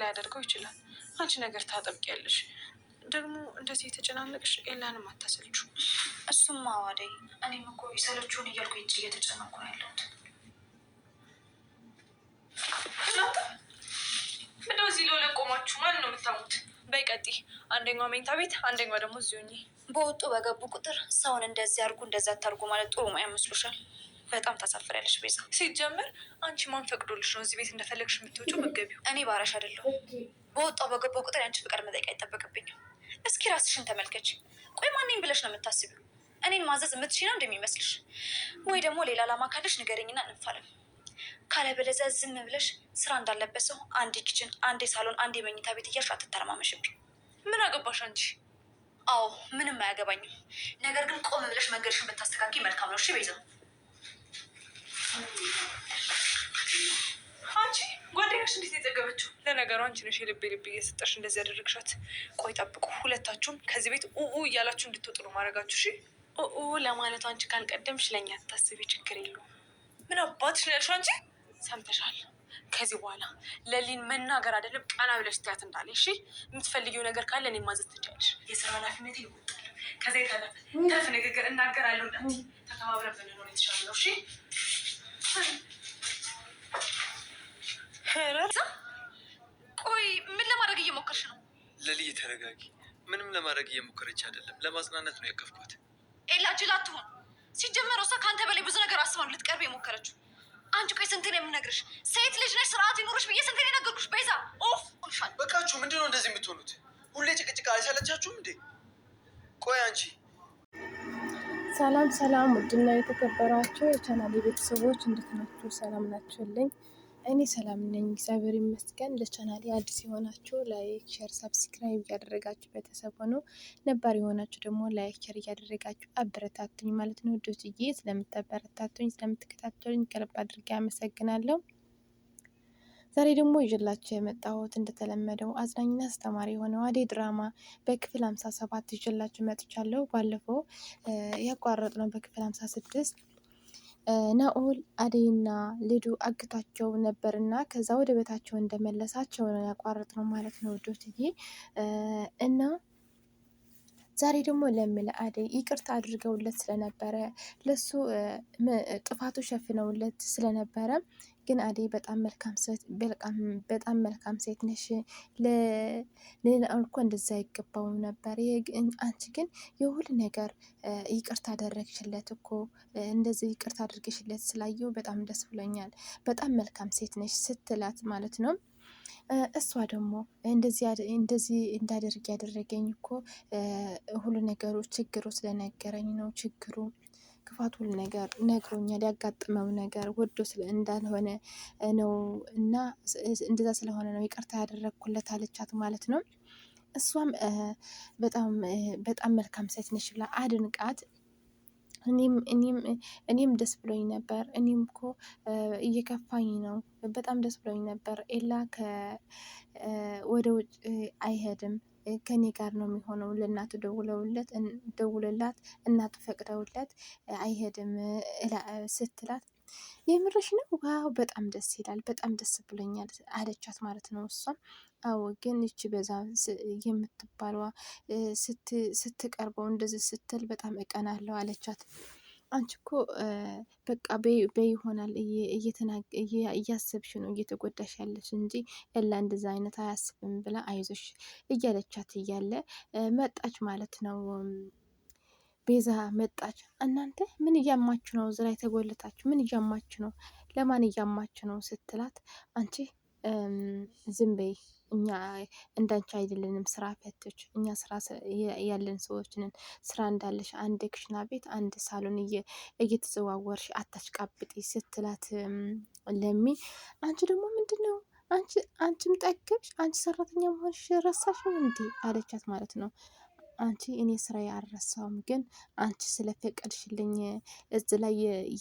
ሊያደርገው ይችላል። አንቺ ነገር ታጠብቂያለሽ። ደግሞ እንደዚህ የተጨናነቅሽ ኤላንም አታሰልቹ። እሱም አዋደኝ። እኔም እኮ ይሰለችውን እያልኩ ይጭ እየተጨናንኩ ነው ያለሁት። ምነው እዚህ ለውለ ቆማችሁ? ማን ነው የምታሙት? በይቀጢ አንደኛው መኝታ ቤት፣ አንደኛው ደግሞ እዚሁ። በወጡ በገቡ ቁጥር ሰውን እንደዚህ አርጉ እንደዚ አታርጉ ማለት ጥሩ አይመስሉሻል? በጣም ታሳፍሪያለሽ ቤዛ። ሲጀምር አንቺ ማን ፈቅዶልሽ ነው እዚህ ቤት እንደፈለግሽ የምትወጪው መገቢው? እኔ ባራሽ አይደለሁም። በወጣው በገባው ቁጥር ያንቺ ፍቃድ መጠየቅ አይጠበቅብኝም። እስኪ ራስሽን ተመልከች። ቆይ ማንኝ ብለሽ ነው የምታስቢው? እኔን ማዘዝ የምትሽና እንደሚመስልሽ ወይ ደግሞ ሌላ ዓላማ ካለሽ ንገረኝና እንፋለም። ካለበለዚያ ዝም ብለሽ ስራ እንዳለበት ሰው አንዴ ኪችን፣ አንዴ ሳሎን፣ አንድ መኝታ ቤት እያልሽ አትተረማመሽብኝ። ምን አገባሽ አንቺ? አዎ ምንም አያገባኝም። ነገር ግን ቆም ብለሽ መንገድሽን ብታስተካኪ መልካም ነው። እሺ ቤዛ አንቺ ጓደኛሽ እንዴት የጠገበችው? ለነገሩ አንቺ ነሽ የልቤ ልቤ እየሰጠሽ እንደዚህ ያደረግሻት። ቆይ ጠብቁ፣ ሁለታችሁም ከዚህ ቤት ኡ እያላችሁ እንድትወጡ ነው ማድረጋችሁ። እሺ ኡ ለማለቱ አንቺ ካልቀደምሽ ለእኛ ታስቢ፣ ችግር የለውም። ምን አባትሽ ነው ያልሽው? አንቺ ሰምተሻል። ከዚህ በኋላ ለሊን መናገር አይደለም ቀና ብለሽ ትያት እንዳለ። እሺ የምትፈልጊው ነገር ካለ እኔ ማዘዝ ትችያለሽ። የስራ ኃላፊነት ይወጣል። ከዚ የታለፈ ንግግር እናገራለሁ። እንዳት ተከባብረን ብንኖር የተሻለ ነው። እሺ ቆይ ምን ለማድረግ እየሞከርሽ ነው? ለልይ ተረጋጊ። ምንም ለማድረግ እየሞከረች አይደለም፣ ለማጽናናት ነው ያከፍኳት። ኤላ ጅል አትሆን። ሲጀመር እሷ ከአንተ በላይ ብዙ ነገር አስባን ልትቀርብ የሞከረችው አንቺ። ቆይ ስንቴ ነው የምነግርሽ? ሴት ልጅ ነሽ፣ ስርዓት ይኖርሽ ብዬ ስንቴ ነው የነገርኩሽ? ቤዛ ኦፍ ሻል። በቃችሁ። ምንድነው እንደዚህ የምትሆኑት? ሁሌ ጭቅጭቅ አይሰለቻችሁም እንዴ? ቆይ አንቺ ሰላም ሰላም፣ ውድና የተከበራችሁ የቻናል ቤተሰቦች እንዴት ናችሁ? ሰላም ናችሁልኝ? እኔ ሰላም ነኝ፣ እግዚአብሔር ይመስገን። ለቻናሌ አዲስ የሆናችሁ ላይክ፣ ሸር፣ ሰብስክራይብ እያደረጋችሁ ቤተሰብ ሆኖ ነባር የሆናችሁ ደግሞ ላይክ፣ ሸር እያደረጋችሁ አበረታቱኝ ማለት ነው። ውዶችዬ ስለምታበረታቱኝ ስለምትከታተሉኝ ከልብ አድርጌ አመሰግናለሁ። ዛሬ ደግሞ ይዤላችሁ የመጣሁት እንደተለመደው አዝናኝና አስተማሪ የሆነው አደይ ድራማ በክፍል 57 ይዤላችሁ መጥቻለሁ። ባለፈው ነው። በክፍል ስድስት ናኦል አደይና ልዱ አግቷቸው ነበርና ከዛ ወደ ቤታቸው እንደመለሳቸው ነው ያቋረጥነው ማለት ነው ውዶችዬ እና ዛሬ ደግሞ ለምለ አደይ ይቅርታ አድርገውለት ስለነበረ ለሱ ጥፋቱ ሸፍነውለት ስለነበረ ግን አደይ በጣም መልካም ሴት ነሽ፣ ለሌላው እኮ እንደዛ አይገባው ነበር፣ አንቺ ግን የሁል ነገር ይቅርታ አደረግሽለት እኮ እንደዚህ ይቅርታ አድርገሽለት ስላየው በጣም ደስ ብሎኛል፣ በጣም መልካም ሴት ነሽ ስትላት ማለት ነው። እሷ ደግሞ እንደዚህ እንዳደርግ ያደረገኝ እኮ ሁሉ ነገሩ ችግሩ ስለነገረኝ ነው። ችግሩ ክፋት ሁሉ ነገር ነግሮኛል። ያጋጠመው ነገር ወዶ እንዳልሆነ ነው እና እንደዛ ስለሆነ ነው ይቅርታ ያደረግኩለት አለቻት ማለት ነው። እሷም በጣም መልካም ሴት ብላ አድንቃት እኔም ደስ ብሎኝ ነበር እኔም እኮ እየከፋኝ ነው በጣም ደስ ብሎኝ ነበር ኤላ ወደ ውጭ አይሄድም ከኔ ጋር ነው የሚሆነው ለእናቱ ደውለውለት ደውለላት እናቱ ፈቅደውለት አይሄድም ስትላት የምረሽ ነው ዋው በጣም ደስ ይላል በጣም ደስ ብሎኛል አለቻት ማለት ነው እሷም አዎ ግን ይቺ በዛ የምትባለዋ ስትቀርበው እንደዚህ ስትል በጣም እቀናለሁ አለቻት። አንቺ እኮ በቃ በይ ይሆናል እያሰብሽ ነው እየተጎዳሽ ያለሽ እንጂ ኤላ እንደዛ አይነት አያስብም ብላ አይዞሽ እያለቻት እያለ መጣች ማለት ነው። ቤዛ መጣች። እናንተ ምን እያማችሁ ነው? እዚህ ላይ ተጎልታችሁ ምን እያማችሁ ነው? ለማን እያማችሁ ነው ስትላት አንቺ ዝም በይ እኛ እንዳንቺ አይደለንም ስራ ፈቶች። እኛ ስራ ያለን ሰዎች ስራ እንዳለሽ አንድ ክሽና ቤት፣ አንድ ሳሎን እየተዘዋወርሽ አታሽቃብጢ ስትላት ለሚ አንቺ ደግሞ ምንድን ነው አንቺም ጠገብሽ፣ አንቺ ሰራተኛ መሆንሽ ረሳሽ እንዴ አለቻት ማለት ነው። አንቺ እኔ ስራ ያረሳውም ግን አንቺ ስለፈቀድሽልኝ እዚህ ላይ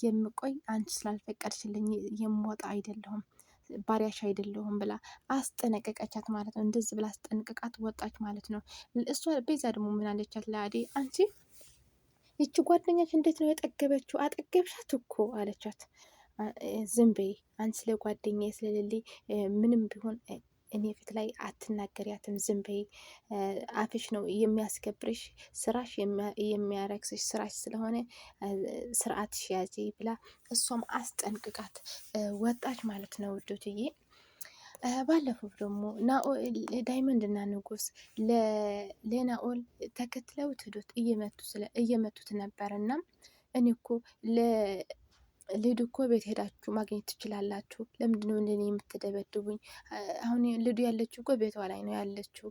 የምቆይ አንቺ ስላልፈቀድሽልኝ የምወጣ አይደለሁም ባሪያሽ አይደለሁም ብላ አስጠነቀቀቻት ማለት ነው። እንደዚህ ብላ አስጠነቀቃት ወጣች ማለት ነው። እሷ ቤዛ ደግሞ ምናለቻት ለአዴ አንቺ ይቺ ጓደኛች እንዴት ነው የጠገበችው? አጠገብሻት እኮ አለቻት። ዝም በይ አንቺ ስለ ጓደኛ ስለሌለኝ ምንም ቢሆን እኔ ፊት ላይ አትናገሪያትም፣ ዝም በይ፣ አፍሽ ነው የሚያስከብርሽ፣ ስራሽ የሚያረክስሽ ስራሽ ስለሆነ ስርዓትሽ ያዚ ብላ እሷም አስጠንቅቃት ወጣች ማለት ነው ውዶትዬ። ባለፈው ደግሞ ናኦል ዳይመንድ እና ንጉስ ለናኦል ተከትለው ትዶት እየመቱት ነበር እና እኔ እኮ ልዱ እኮ ቤት ሄዳችሁ ማግኘት ትችላላችሁ። ለምንድነው እንደኔ የምትደበድቡኝ? አሁን ልዱ ያለችው እኮ ቤቷ ላይ ነው ያለችው።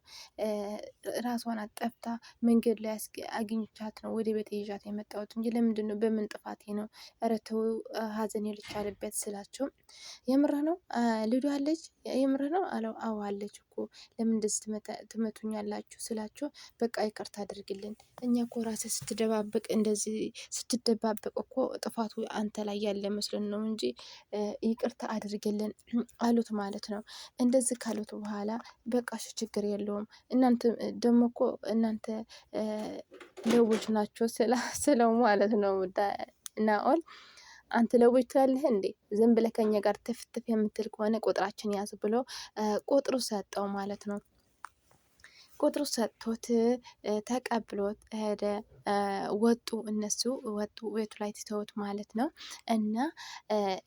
ራሷን አጠፍታ መንገድ ላይ አግኝቻት ነው ወደ ቤት ይዣት የመጣሁት እንጂ ነው በምን ጥፋቴ ነው? ኧረ ተው ሐዘን የልቻልበት ስላቸው የምረ ነው ልዱ አለች የምርህ ነው አለው። አዎ አለች እኮ ለምን ትመቱኝ ትመቱኛላችሁ ስላቸው በቃ ይቅርታ አድርግልን። እኛ እኮ ራሴ ስትደባበቅ እንደዚህ ስትደባበቅ እኮ ጥፋቱ አንተ ላይ ያለ መስሎን ነው እንጂ ይቅርታ አድርግልን አሉት ማለት ነው። እንደዚህ ካሉት በኋላ በቃሽ ችግር የለውም እናንተ ደግሞ እኮ እናንተ ለውጭ ናቸው ስለው ማለት ነው ናኦል አንተ ለውጭ ትላለህ እንዴ? ዝም ብለህ ከኛ ጋር ትፍትፍ የምትል ከሆነ ቁጥራችን ያዝ ብሎ ቁጥሩ ሰጠው ማለት ነው። ቁጥሩ ሰጥቶት ተቀብሎት ሄደ። ወጡ እነሱ ወጡ ቤቱ ላይ ትተውት ማለት ነው። እና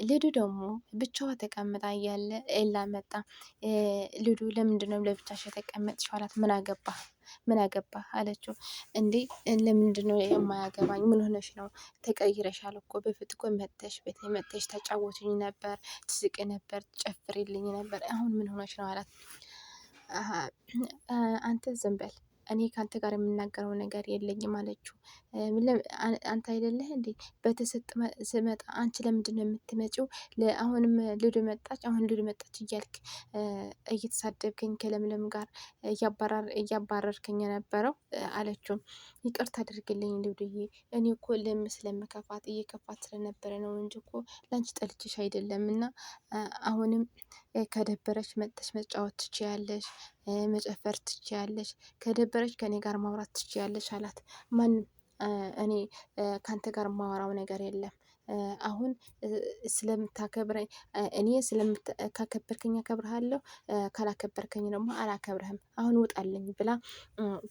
ልዱ ደግሞ ብቻዋ ተቀምጣ እያለ ኤላ መጣ። ልዱ ለምንድነው ለብቻሽ የተቀመጥሽው አላት። ምን አገባ ምን አገባ አለችው። እንዴ ለምንድነው የማያገባኝ? ምን ሆነሽ ነው? ተቀይረሻል እኮ በፊት እኮ መተሽ ቤት መተሽ ተጫወትኝ ነበር፣ ትስቅ ነበር፣ ትጨፍሪልኝ ነበር። አሁን ምን ሆነሽ ነው አላት። آه، أنت الزنبل እኔ ከአንተ ጋር የምናገረው ነገር የለኝም አለችው። አንተ አይደለህ እንዴ በተሰጥ ስመጣ አንቺ ለምንድን ነው የምትመጪው? አሁንም ልዱ መጣች፣ አሁን ልዱ መጣች እያልክ እየተሳደብከኝ ከለምለም ጋር እያባረርከኝ የነበረው አለችው። ይቅርታ አድርግልኝ ልዱዬ፣ እኔ እኮ ልም ስለምከፋት እየከፋት ስለነበረ ነው እንጂ እኮ ለአንቺ ጠልችሽ አይደለም እና አሁንም ከደበረች መጥተሽ መጫወት ትችያለሽ፣ መጨፈር ትችያለሽ ከደበ ከነበረች ከእኔ ጋር ማውራት ትችያለች አላት። ማንም እኔ ከአንተ ጋር ማወራው ነገር የለም አሁን ስለምታከብረኝ እኔ ካከበርከኝ አከብርሃለሁ፣ ካላከበርከኝ ደግሞ አላከብርህም፣ አሁን ውጣልኝ ብላ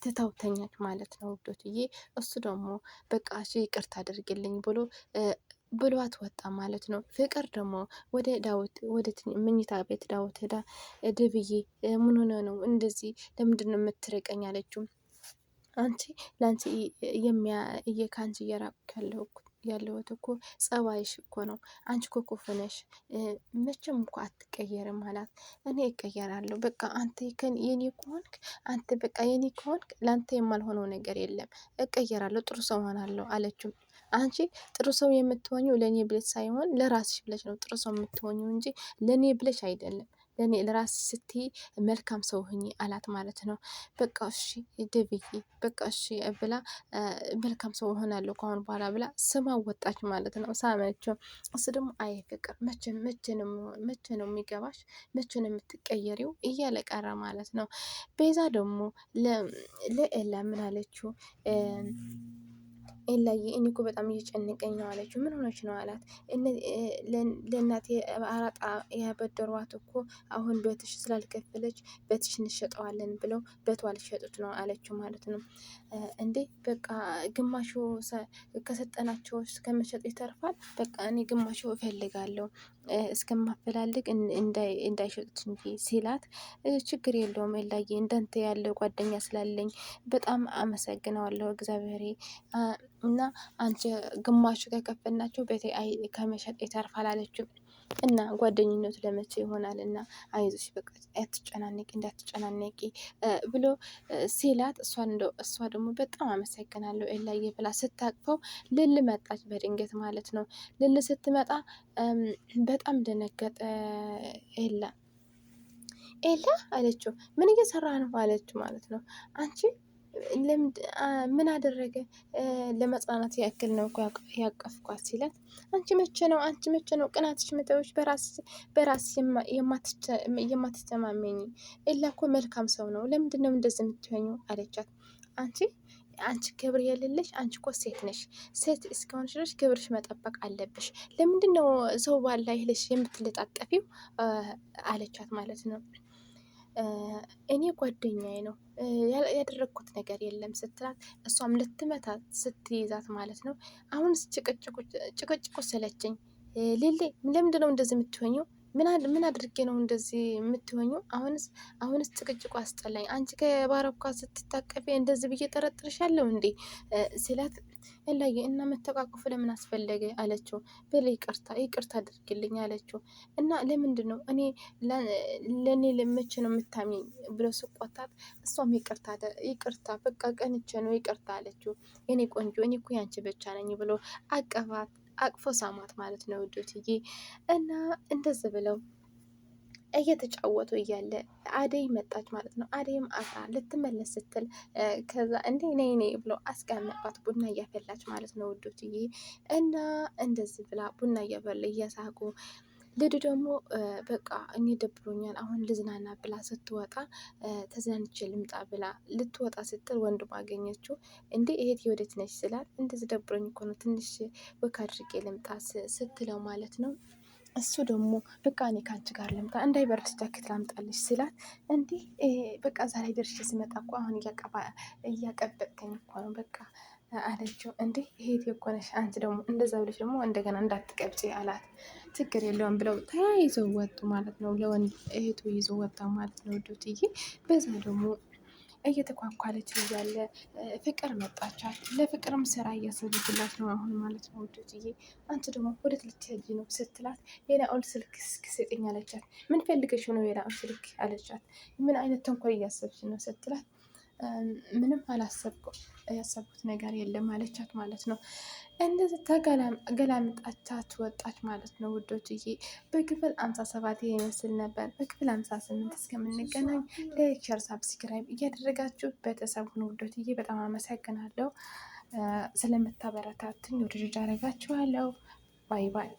ትታውተኛል ማለት ነው ውዶትዬ። እሱ ደግሞ በቃ ይቅርታ አድርግልኝ ብሎ ብሏት ወጣ ማለት ነው። ፍቅር ደግሞ ወደ ዳዊት ወደ መኝታ ቤት ዳዊት ሄዳ ድብዬ ምን ሆነ ነው እንደዚህ ለምንድን ነው የምትርቀኝ አለችው። አንቺ ለአንቺ ከአንቺ እየራቁ ያለሁት እኮ ጸባይሽ እኮ ነው። አንቺ እኮ ክፉ ነሽ፣ መቼም እኮ አትቀየርም አላት። እኔ እቀየራለሁ፣ በቃ አንተ የኔ ከሆንክ አንተ በቃ የኔ ከሆንክ ለአንተ የማልሆነው ነገር የለም፣ እቀየራለሁ፣ ጥሩ ሰው ሆናለሁ አለችው። አንቺ ጥሩ ሰው የምትሆኝው ለእኔ ብለሽ ሳይሆን ለራስሽ ብለሽ ነው ጥሩ ሰው የምትሆኝው እንጂ ለእኔ ብለሽ አይደለም። ለእኔ ለራስ ስትይ መልካም ሰው ሁኚ አላት ማለት ነው። በቃ እሺ ደብዬ በቃ እሺ ብላ መልካም ሰው እሆናለሁ ከአሁን በኋላ ብላ ስማ ወጣች ማለት ነው። ሳመችው። እሱ ደግሞ አይ ፍቅር መቼ ነው የሚገባሽ መቼ ነው የምትቀየሪው እያለ ቀረ ማለት ነው። ቤዛ ደግሞ ለኤላ ምን አለችው? ኤላዬ እኔ እኮ በጣም እየጨነቀኝ ነው አለችው። ምን ሆነች ነው አላት። ለእናቴ አራጣ ያበደሯት እኮ አሁን በትሽ ስላልከፈለች በትሽ እንሸጠዋለን ብለው በቷ ልሸጡት ነው አለችው ማለት ነው። እንዴ በቃ ግማሹ ከሰጠናቸው ከመሸጡ ይተርፋል። በቃ እኔ ግማሹ እፈልጋለሁ እስከማፈላልግ እንዳይሸጡት እንጂ ሲላት፣ ችግር የለውም ኤላዬ እንዳንተ ያለ ጓደኛ ስላለኝ በጣም አመሰግነዋለሁ እግዚአብሔር እና አንቺ ግማሹ ከከፈልናቸው ቤቴ ከመሸጥ የተርፋላለችው እና ጓደኝነቱ ለመቼ ይሆናል እና አይዞሽ በቃ አትጨናነቂ እንዳትጨናነቂ ብሎ ሲላት እሷን እንደው እሷ ደግሞ በጣም አመሰግናለሁ ኤላዬ ብላ ስታቅፈው ልል መጣች በድንገት ማለት ነው። ልል ስትመጣ በጣም ደነገጠ ኤላ። ኤላ አለችው ምን እየሰራ ነው አለችው ማለት ነው አንቺ ምን አደረገ? ለመጽናናት ያክል ነው ያቀፍኳት ሲላት፣ አንቺ መቼ ነው አንቺ መቼ ነው ቅናትሽ መተዎች በራስ የማትተማመኝ ኤላ እኮ መልካም ሰው ነው፣ ለምንድን ነው እንደዚህ የምትሆኙ? አለቻት። አንቺ አንቺ ክብር የሌለሽ አንቺ እኮ ሴት ነሽ። ሴት እስከሆንሽ ድረስ ክብርሽ መጠበቅ አለብሽ። ለምንድን ነው ሰው ባላ ይለሽ የምትለጣጠፊው? አለቻት ማለት ነው እኔ ጓደኛዬ ነው ያደረግኩት ነገር የለም ስትላት፣ እሷም ልትመታት ስትይዛት ማለት ነው አሁን ጭቅጭቁ ስለችኝ ሌሌ ለምንድን ነው እንደዚህ የምትሆኘው ምን አድርጌ ነው እንደዚህ የምትሆኙ? አሁንስ አሁንስ ጭቅጭቁ አስጠላኝ። አንቺ ከባረኳ ስትታቀፊ እንደዚህ ብዬ ጠረጥርሻለሁ እንዴ ስላት እላየ እና መተቃቀፉ ለምን አስፈለገ አለችው። በል ይቅርታ ይቅርታ አድርግልኝ አለችው። እና ለምንድን ነው እኔ ለእኔ ለመቼ ነው የምታሚኝ ብሎ ስቆጣት፣ እሷም ይቅርታ በቃ ቀንቼ ነው ይቅርታ አለችው። እኔ ቆንጆ እኔ እኮ ያንቺ ብቻ ነኝ ብሎ አቀፋት። አቅፎ ሳማት ማለት ነው ውዶትዬ። እና እንደዚህ ብለው እየተጫወቱ እያለ አደይ መጣች ማለት ነው። አደይም አፍራ ልትመለስ ስትል ከዛ እንዴ ነይ ነይ ብለው አስቀመጧት ቡና እያፈላች ማለት ነው ውዶትዬ። እና እንደዚህ ብላ ቡና እያፈላ እያሳቁ ልዱ ደግሞ በቃ እኔ ደብሮኛል አሁን ልዝናና ብላ ስትወጣ ተዝናንቼ ልምጣ ብላ ልትወጣ ስትል ወንድም አገኘችው። እንዴ እህቴ የወደት ነች ስላት እንደዚህ ደብሮኝ እኮ ነው ትንሽ ወክ አድርጌ ልምጣ ስትለው ማለት ነው። እሱ ደግሞ በቃ እኔ ከአንቺ ጋር ልምጣ እንዳይ እንዳይበርድሽ ጃኬት ላምጣልሽ ስላት እንዲህ በቃ እዛ ላይ ደርሼ ስመጣ እኮ አሁን እያቀበጥከኝ እኮ ነው በቃ አለችው። እንዴ እህቴ የኮነሽ አንቺ ደግሞ እንደዛ ብለሽ ደግሞ እንደገና እንዳትቀብጪ አላት። ችግር የለውም ብለው ተያይዘው ወጡ ማለት ነው። ለወንድ እህቱ ይዞ ወጣ ማለት ነው ዱትዬ። በዛ ደግሞ እየተኳኳለች እያለ ፍቅር መጣቻት። ለፍቅርም ስራ እያሰብችላት ነው አሁን ማለት ነው ዱትዬ። አንቺ ደግሞ ወዴት ልትሄጂ ነው ስትላት የናኦል ስልክ ስጭኝ አለቻት። ምን ፈልገሽ ነው የናኦል ስልክ አለቻት። ምን አይነት ተንኮል እያሰብች ነው ስትላት ምንም አላሰብኩም ያሰብኩት ነገር የለም አለቻት ማለት ነው። እንደዚ ተገላምጣቻት ወጣች ማለት ነው ውዶችዬ። በክፍል አምሳ ሰባት ይመስል ነበር። በክፍል አምሳ ስምንት እስከምንገናኝ ሌክቸር ሳብስክራይብ እያደረጋችሁ ቤተሰብ ሁኑ ውዶችዬ። በጣም አመሰግናለሁ ስለምታበረታትኝ ውድድ አደረጋችኋለሁ። ባይ ባይ።